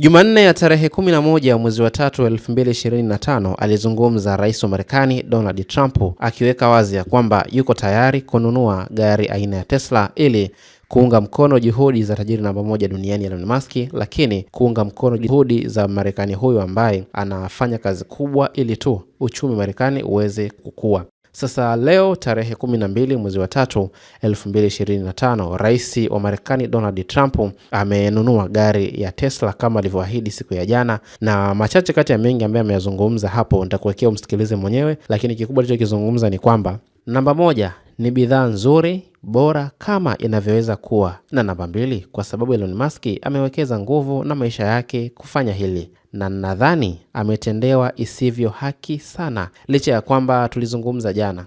Jumanne ya tarehe 11 mwezi wa tatu 2025 alizungumza Rais wa Marekani Donald Trump akiweka wazi ya kwamba yuko tayari kununua gari aina ya Tesla ili kuunga mkono juhudi za tajiri namba moja duniani Elon Musk, lakini kuunga mkono juhudi za Marekani huyu ambaye anafanya kazi kubwa ili tu uchumi Marekani uweze kukua. Sasa leo tarehe 12 mwezi wa tatu 2025, rais wa Marekani Donald Trump amenunua gari ya Tesla kama alivyoahidi siku ya jana, na machache kati ya mengi ambayo ameyazungumza hapo nitakuwekea umsikilize mwenyewe, lakini kikubwa alichokizungumza ni kwamba namba moja, ni bidhaa nzuri bora kama inavyoweza kuwa. Na namba mbili, kwa sababu Elon Musk amewekeza nguvu na maisha yake kufanya hili, na nadhani ametendewa isivyo haki sana, licha ya kwamba tulizungumza jana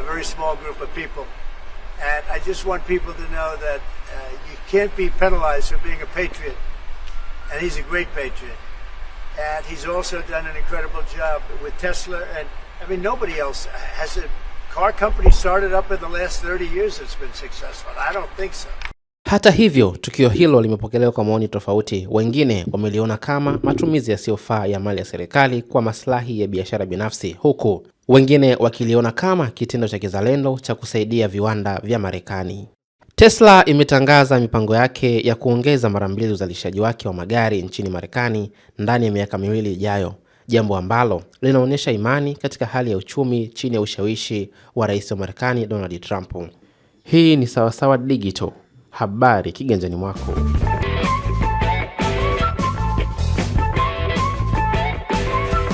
a very small group of people. And I just want people to know that uh, you can't be penalized for being a patriot. And he's a great patriot. And he's also done an incredible job with Tesla. And I mean, nobody else has a car company started up in the last 30 years that's been successful. I don't think so. Hata hivyo, tukio hilo limepokelewa kwa maoni tofauti. Wengine wameliona kama matumizi yasiyofaa ya mali ya serikali kwa maslahi ya biashara binafsi, huku wengine wakiliona kama kitendo cha kizalendo cha kusaidia viwanda vya Marekani. Tesla imetangaza mipango yake ya kuongeza mara mbili uzalishaji wake wa magari nchini Marekani ndani ya miaka miwili ijayo, jambo ambalo linaonyesha imani katika hali ya uchumi chini ya ushawishi wa rais wa Marekani Donald Trump. Hii ni Sawasawa Digital, habari kiganjani mwako.